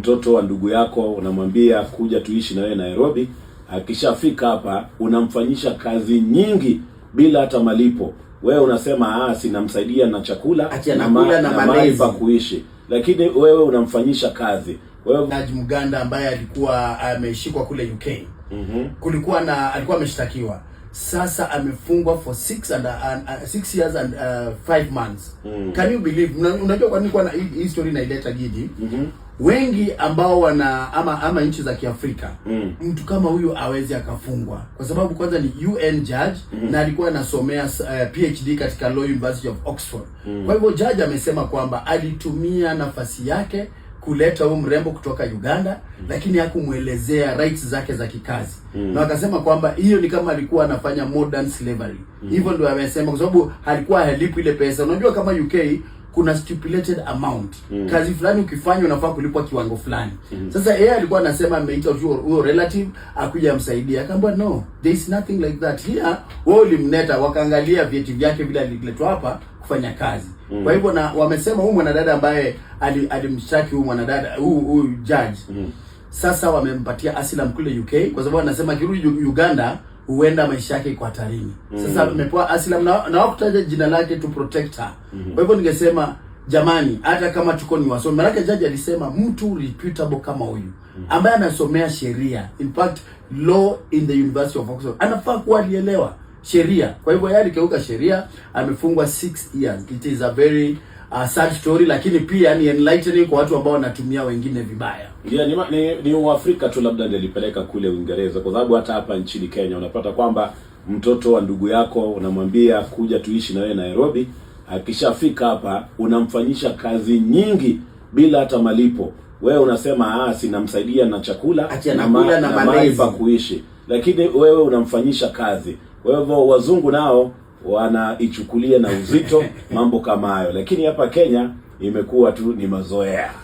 mtoto wa ndugu yako unamwambia kuja tuishi na wewe Nairobi. Akishafika hapa unamfanyisha kazi nyingi bila hata malipo. Wewe unasema ah, sinamsaidia na chakula Atia na, ma, na, na pa kuishi, lakini wewe unamfanyisha kazi wewe... Mganda ambaye alikuwa ameshikwa kule UK mm -hmm. kulikuwa na alikuwa ameshtakiwa sasa amefungwa for six uh, and, uh, six years and uh, five months mm. Can you believe? Unajua kwa nini kwa na hii story naileta Gigi mm -hmm. Wengi ambao wana ama ama nchi za Kiafrika mm. Mtu kama huyu awezi akafungwa kwa sababu kwanza ni UN judge mm -hmm. Na alikuwa anasomea uh, PhD katika Law University of Oxford mm. Kwa hivyo judge amesema kwamba alitumia nafasi yake kuleta huyu mrembo kutoka Uganda mm. lakini hakumwelezea rights zake za kikazi mm. na wakasema kwamba hiyo ni kama alikuwa anafanya modern slavery mm. hivyo ndio amesema, kwa sababu alikuwa halipu ile pesa. Unajua kama UK kuna stipulated amount mm. kazi fulani ukifanya unafaa kulipwa kiwango fulani mm. Sasa yeye alikuwa anasema ameita huyo relative akuja amsaidia, akamwambia no there is nothing like that here. Wao ulimleta wakaangalia vyeti vyake vile aliletwa hapa kufanya kazi Mm. Kwa hivyo na wamesema huyu mwanadada ambaye alimshtaki huyu mwanadada huyu huyu judge. Mm. Sasa wamempatia asylum kule UK kwa sababu anasema kirudi Uganda huenda maisha yake iko hatarini. Mm. Sasa amepewa mm. asylum na, na wakutaja jina lake to protect her. Mm. Kwa hivyo ningesema jamani, hata kama tuko ni wasomi, maanake judge alisema mtu reputable kama huyu mm. ambaye anasomea sheria, in fact law in the University of Oxford anafaa kuwa alielewa sheria. Kwa hivyo yeye alikeuka sheria, amefungwa 6 years. It is a very uh, sad story, lakini pia ni enlightening kwa watu ambao wanatumia wengine vibaya. Yeah, ni, ni, ni Uafrika tu labda nilipeleka kule Uingereza, kwa sababu hata hapa nchini Kenya unapata kwamba mtoto wa ndugu yako unamwambia kuja tuishi na wewe Nairobi, akishafika hapa unamfanyisha kazi nyingi bila hata malipo. Wewe unasema ah, sinamsaidia na chakula Atia na, na, na, na, na, na, na, lakini wewe unamfanyisha kazi. Kwa hivyo wazungu nao wanaichukulia na uzito mambo kama hayo, lakini hapa Kenya imekuwa tu ni mazoea.